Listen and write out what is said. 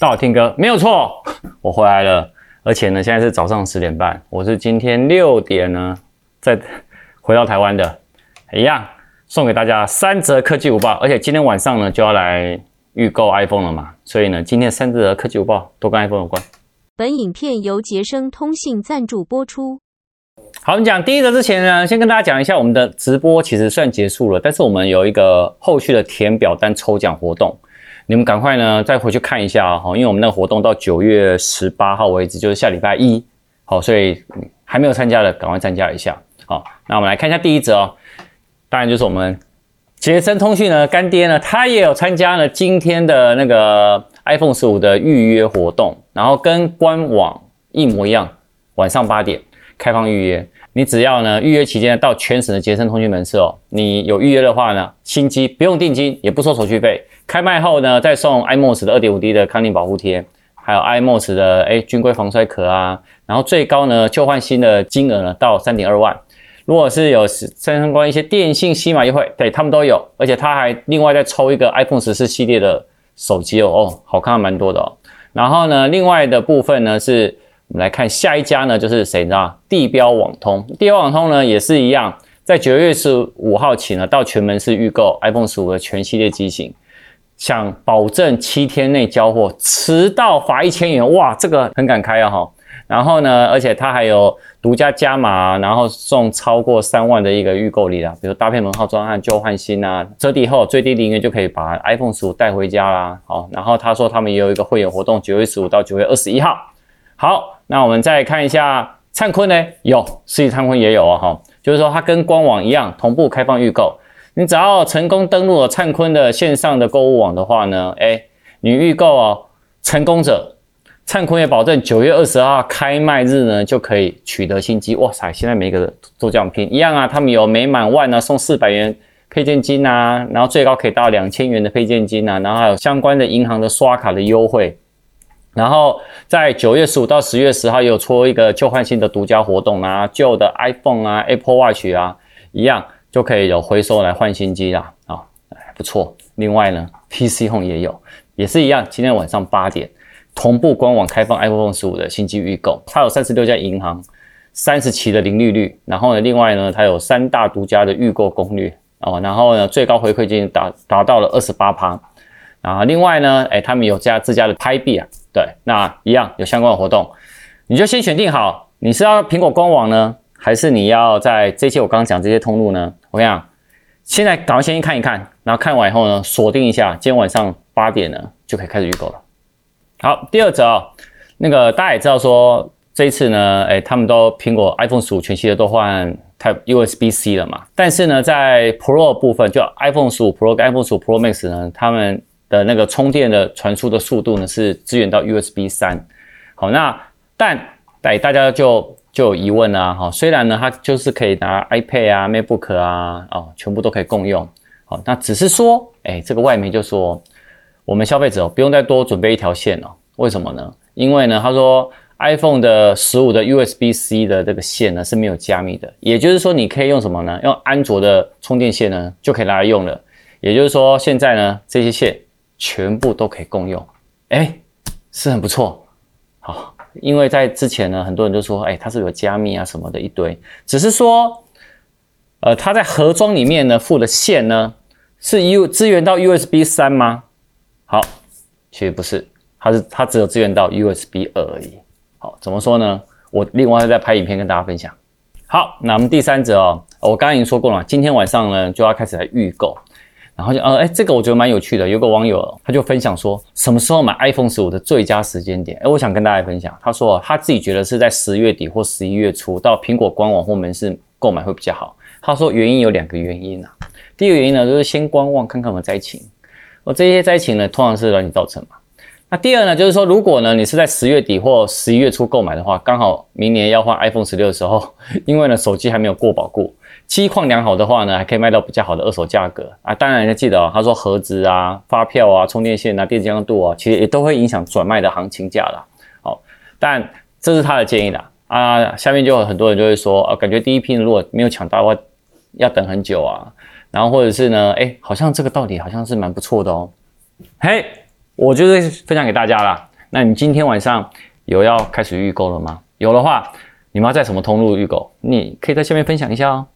到我聽歌沒有錯，我回來了，而且呢，現在是早上十點半，我是今天六點呢在回到台灣的，一、哎、樣送給大家 3C 科技午報，而且今天晚上呢就要來預購 iPhone 了嘛，所以呢，今天 3C 科技午報都跟 iPhone 有關。本影片由傑昇通信贊助播出。好，我們講第一則之前呢，先跟大家講一下，我們的直播其實算結束了，但是我們有一個後續的填表單抽獎活動。你們趕快呢，再回去看一下哈、哦，因為我們那個活動到九月十八號為止，就是下禮拜一，好，所以還沒有參加的，趕快參加一下，好。那我們來看一下第一則哦，當然就是我們傑森通訊呢，乾爹呢，他也有參加了今天的那個 iPhone 十五的預約活動，然後跟官網一模一樣，晚上八點開放預約。你只要呢預約期間到全省的傑森通訊門市哦，你有預約的話呢，新機不用定金，也不收手續費，開賣後呢再送 iMOS 的二點五 D 的康寧保護貼，還有 iMOS 的誒軍規防摔殼啊，然後最高呢舊換新的金額呢到三點二萬。如果是有相關一些電信、攜碼優惠，對他們都有，而且他還另外再抽一個 iPhone 十四系列的手機哦哦，好看還蠻多的哦。然後呢，另外的部分呢是。我們來看下一家呢，就是誰呢？地標網通。地標網通呢也是一樣，在九月十五號起呢，到全門市預購 iPhone 十五的全系列機型，想保證七天內交貨，遲到罰一千元。哇，這個很敢開啊！哈！然後呢，而且它還有獨家加碼，然後送超過三萬的一個預購禮啦，比如搭配門號專案舊換新啊，折抵後最低零元就可以把 iPhone 十五帶回家啦。好，然後他說他們也有一個會員活動，九月十五到九月二十一號。好，那我們再看一下燦坤呢？有，實體燦坤也有、啊、哦，哈，就是說它跟官網一樣，同步開放預購。你只要成功登錄了燦坤的線上的購物網的話呢，哎，你預購哦，成功者，燦坤也保證九月二十二號開賣日呢就可以取得新機。哇塞，現在每個人都這樣拼一樣啊，他們有每滿萬呢、啊、送四百元配件金吶、啊，然後最高可以到兩千元的配件金吶、啊，然後還有相關的銀行的刷卡的優惠。然後在九月十五到十月十號有出一個舊換新的獨家活動啊，舊的 iPhone 啊、Apple Watch 啊，一樣就可以有回收來換新機啦啊，哦、不錯。另外呢，PC Home 也有，也是一樣。今天晚上八點同步官網開放 iPhone 十五的新機預購，它有三十六家銀行，三十期的零利率。然後呢，另外呢，它有三大獨家的預購攻略哦。然後呢，最高回饋金達達到了二十八趴。啊，另外呢，誒、哎，他們有這家自家的 P 幣啊，對，那一樣有相關的活動，你就先選定好，你是要蘋果官網呢，還是你要在這些我剛剛講這些通路呢？我跟你講，現在趕快先去看一看，然後看完以後呢，鎖定一下，今天晚上八點了就可以開始預購了。好，第二則哦，那個大家也知道說，這一次呢，誒、哎，他們都蘋果 iPhone 十五全系列都換 Type USB C 了嘛，但是呢，在 Pro 的部分，就 iPhone 十五 Pro 跟 iPhone 十五 Pro Max 呢，他們的那個充電的傳輸的速度呢是支援到 USB 三，好那但哎大家就就有疑問啊，哈、哦，雖然呢它就是可以拿 iPad 啊、MacBook 啊，哦，全部都可以共用，好，那只是說，哎、欸，這個外媒就說，我們消費者不用再多準備一條線哦，為什麼呢？因為呢他說 iPhone 的十五的 USB C 的這個線呢是沒有加密的，也就是說你可以用什麼呢？用安卓的充電線呢就可以拿來用了，也就是說現在呢這些線。全部都可以共用，哎，是很不錯，好，因為在之前呢，很多人都說，哎，它是有加密啊什麼的一堆，只是說，呃，它在盒裝裡面呢附的線呢是 U 支援到 USB 三嗎？好，其實不是，它是它只有支援到 USB 二而已。好，怎麼說呢？我另外再拍影片跟大家分享。好，那我們第三者哦，我剛剛已經說過了，今天晚上呢就要開始來預購。然後就呃，這個我覺得蠻有趣的。有個網友他就分享說，什麼時候買 iPhone 十五的最佳時間點誒？我想跟大家分享，他說他自己覺得是在十月底或十一月初到蘋果官網或門市購買會比較好。他說原因有兩個原因啊，第一個原因呢，就是先觀望看看我們災情，我、哦、這些災情呢，通常是人為造成嘛。那第二呢，就是說，如果呢你是在十月底或十一月初購買的話，剛好明年要換 iPhone 十六的時候，因為呢手機還沒有過保固，機況良好的話呢，還可以賣到比較好的二手價格啊。當然你要記得哦，他說盒子啊、發票啊、充電線啊、電池健康度啊，其實也都會影響轉賣的行情價啦。好，但這是他的建議啦。啊，下面就有很多人就會說，啊，感覺第一批如果沒有搶到的話，要等很久啊。然後或者是呢，哎、欸，好像這個到底好像是蠻不錯的哦。嘿、hey!。我就是分享給大家啦。那你今天晚上有要開始預購了嗎？有的話，你們要在什麼通路預購？你可以在下面分享一下哦。